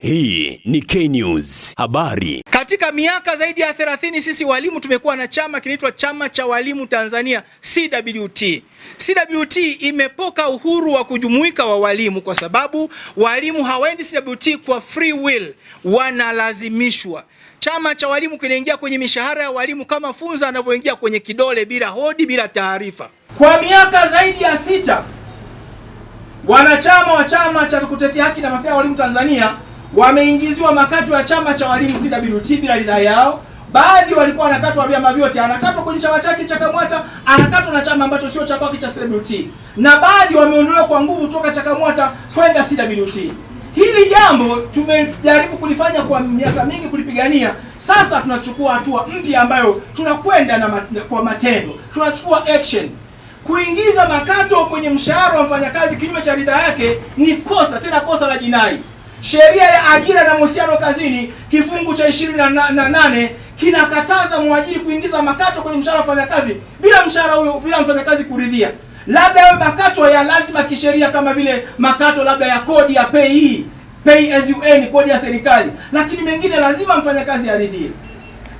Hii ni K-News. Habari. Katika miaka zaidi ya 30 sisi walimu tumekuwa na chama kinaitwa Chama cha Walimu Tanzania CWT. CWT imepoka uhuru wa kujumuika wa walimu kwa sababu walimu hawaendi CWT kwa free will, wanalazimishwa. Chama cha walimu kinaingia kwenye mishahara ya walimu kama funza anavyoingia kwenye kidole bila hodi, bila taarifa. Kwa miaka zaidi ya sita wanachama wa chama cha kutetea haki na maslahi ya walimu Tanzania wameingiziwa makato ya chama cha walimu CWT bila ridhaa yao. Baadhi walikuwa wanakatwa vyama vyote, anakatwa kwenye chama chake cha Kamwata, anakatwa na chama ambacho sio cha kwake cha CWT, na baadhi wameondolewa kwa nguvu toka cha Kamwata kwenda CWT. Hili jambo tumejaribu kulifanya kwa miaka mingi kulipigania. Sasa tunachukua hatua mpya ambayo tunakwenda na ma kwa matendo, tunachukua action. Kuingiza makato kwenye mshahara wa mfanyakazi kinyume cha ridhaa yake ni kosa, tena kosa la jinai. Sheria ya ajira na mahusiano kazini kifungu cha ishirini na nane kinakataza mwajiri kuingiza makato kwenye mshahara wafanyakazi bila mshahara huyo, bila mfanyakazi kuridhia, labda yawe makato ya lazima kisheria, kama vile makato labda ya kodi ya pay pay as you earn, kodi ya serikali, lakini mengine lazima mfanyakazi aridhie.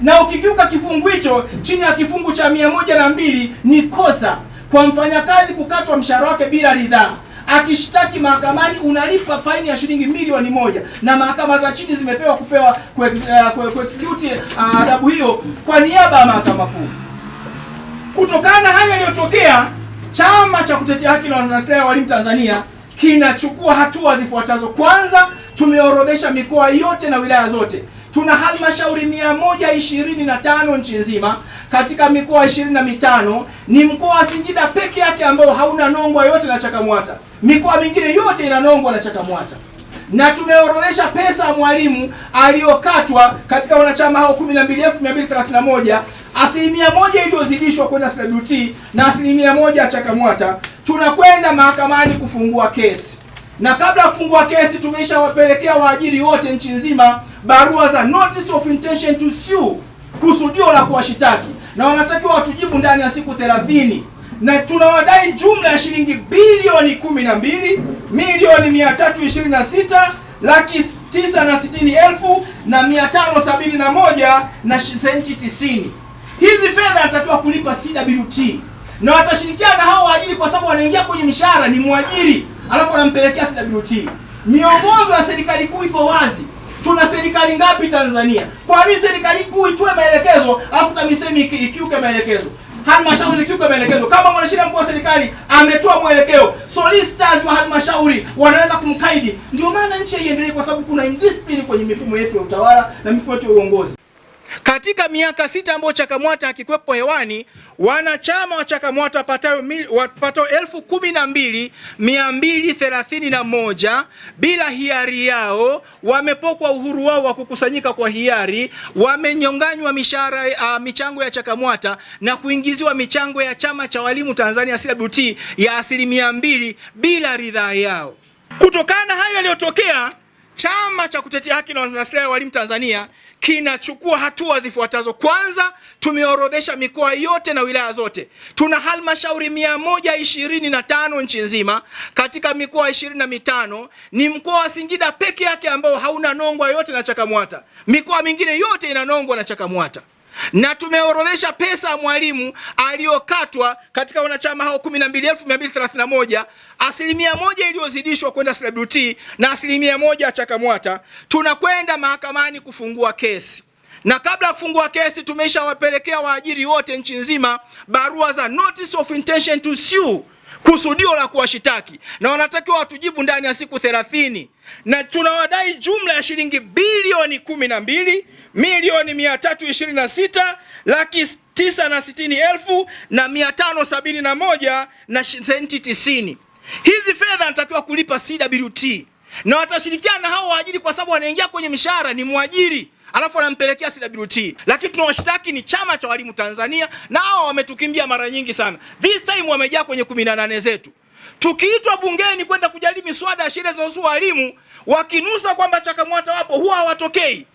Na ukikiuka kifungu hicho chini ya kifungu cha mia moja na mbili ni kosa kwa mfanyakazi kukatwa mshahara wake bila ridhaa akishtaki mahakamani unalipa faini ya shilingi milioni moja, na mahakama za chini zimepewa kupewa kuexecute eh, ah, adhabu hiyo kwa niaba ya mahakama kuu. Kutokana na hayo yaliyotokea, chama cha kutetea haki na wanasilahi ya walimu Tanzania kinachukua hatua zifuatazo. Kwanza, tumeorodhesha mikoa yote na wilaya zote tuna halmashauri mia moja ishirini na tano nchi nzima. Katika mikoa ishirini na mitano ni mkoa wa Singida peke yake ambao hauna Nongwa yote na Chakamwata mikoa mingine yote inanongwa na CHAKAMWATA na tumeorodhesha pesa ya mwalimu aliyokatwa katika wanachama hao 12231 asilimia moja iliyozidishwa kwenda CWT na asilimia moja ya CHAKAMWATA. Tunakwenda mahakamani kufungua kesi, na kabla ya kufungua kesi tumeshawapelekea waajiri wote nchi nzima barua za notice of intention to sue, kusudio la kuwashitaki, na wanatakiwa watujibu ndani ya siku 30 na tunawadai jumla ya shilingi bilioni kumi na mbili milioni mia tatu ishirini na sita laki tisa na sitini elfu na mia tano sabini na moja na senti tisini. Hizi fedha atatakiwa kulipa CWT na watashirikiana na hao waajiri, kwa sababu wanaingia kwenye mshahara ni mwajiri, alafu anampelekea CWT. Miongozo ya serikali kuu iko wazi. Tuna serikali ngapi Tanzania? Kwa nini serikali kuu itoe maelekezo alafu TAMISEMI ikiuke maelekezo? halmashauri kiuko maelekezo. Kama mwanasheria mkuu wa serikali ametoa mwelekeo, solicitors wa halmashauri wanaweza kumkaidi. Ndio maana nchi haiendelee, kwa sababu kuna indiscipline kwenye mifumo yetu ya utawala na mifumo yetu ya uongozi. Katika miaka sita ambayo CHAKAMWATA akikwepo hewani, wanachama wa CHAKAMWATA wapatao elfu kumi na mbili mia mbili thelathini na moja bila hiari yao wamepokwa uhuru wao wa kukusanyika kwa hiari, wamenyonganywa mishahara uh, michango ya CHAKAMWATA na kuingiziwa michango ya chama cha walimu Tanzania CWT ya asilimia mbili bila ridhaa yao. Kutokana na hayo yaliyotokea Chama cha kutetea haki na maslahi ya walimu Tanzania kinachukua hatua zifuatazo. Kwanza, tumeorodhesha mikoa yote na wilaya zote. Tuna halmashauri mia moja ishirini na tano nchi nzima, katika mikoa ishirini na mitano ni mkoa wa Singida peke yake ambao hauna nongwa yote na CHAKAMWATA. Mikoa mingine yote ina nongwa na CHAKAMWATA na tumeorodhesha pesa ya mwalimu aliyokatwa katika wanachama hao 12231 asilimia moja iliyozidishwa kwenda CWT na asilimia moja CHAKAMWATA. Tunakwenda mahakamani kufungua kesi, na kabla ya kufungua kesi tumeshawapelekea waajiri wote nchi nzima barua za notice of intention to sue kusudio la kuwashitaki na wanatakiwa watujibu ndani ya siku 30 na tunawadai jumla ya shilingi bilioni kumi na mbili milioni mia tatu ishirini na sita laki tisa na sitini elfu na mia tano sabini na moja na senti tisini. Hizi fedha anatakiwa kulipa CWT na watashirikiana na hao waajiri, kwa sababu wanaingia kwenye mishahara ni mwajiri alafu anampelekea CWT, lakini tunawashtaki ni chama cha walimu Tanzania, na hao wametukimbia mara nyingi sana. This time wamejaa kwenye nane zetu, tukiitwa bungeni kwenda kujadili miswada ya sheria zinazohusu walimu, wakinusa kwamba CHAKAMWATA wapo huwa hawatokei.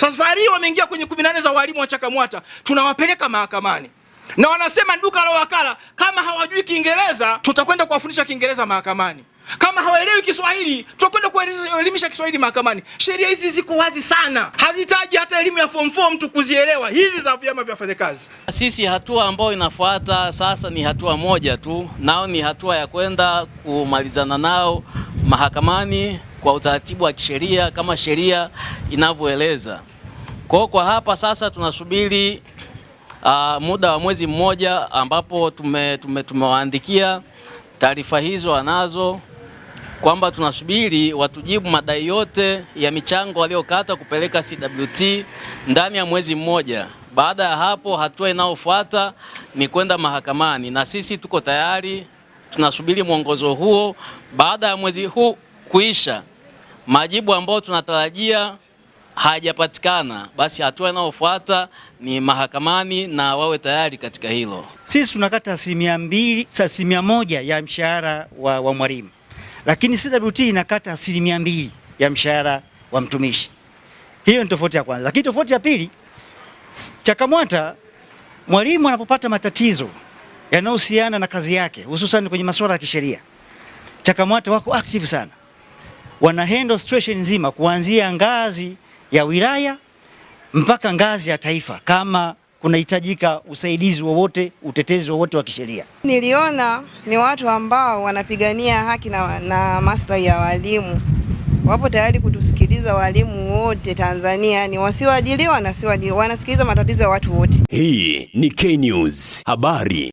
Safari hii wameingia kwenye kumi na za walimu wa CHAKAMWATA, tunawapeleka mahakamani na wanasema duka la wakala, kama hawajui Kiingereza tutakwenda kuwafundisha Kiingereza mahakamani, kama hawaelewi Kiswahili tutakwenda kuelimisha Kiswahili mahakamani. Sheria hizi ziko wazi sana, hazitaji hata elimu ya form 4 mtu kuzielewa, hizi za vyama vya wafanyakazi. Sisi hatua ambayo inafuata sasa ni hatua moja tu, nao ni hatua ya kwenda kumalizana nao mahakamani kwa utaratibu wa kisheria kama sheria inavyoeleza. Kwa kwa hapa sasa tunasubiri uh, muda wa mwezi mmoja ambapo tumewaandikia tume, taarifa hizo wanazo kwamba tunasubiri watujibu madai yote ya michango waliokata kupeleka CWT ndani ya mwezi mmoja. Baada ya hapo, hatua inayofuata ni kwenda mahakamani, na sisi tuko tayari, tunasubiri mwongozo huo. Baada ya mwezi huu kuisha, majibu ambayo tunatarajia hajapatikana basi hatua inayofuata ni mahakamani na wawe tayari katika hilo. Sisi tunakata asilimia mbili, asilimia moja ya mshahara wa, wa mwalimu, lakini CWT inakata asilimia mbili ya mshahara wa mtumishi. Hiyo ni tofauti ya kwanza, lakini tofauti ya pili, CHAKAMWATA mwalimu anapopata matatizo yanayohusiana na kazi yake, hususan kwenye masuala ya kisheria, CHAKAMWATA wako active sana, wana handle situation nzima kuanzia ngazi ya wilaya mpaka ngazi ya taifa kama kunahitajika usaidizi wowote, utetezi wowote wa kisheria. Niliona ni watu ambao wanapigania haki na, na maslahi ya walimu, wapo tayari kutusikiliza walimu wote Tanzania, ni wasioajiliwa na wasioajiliwa, wanasikiliza matatizo ya watu wote. Hii ni K News habari.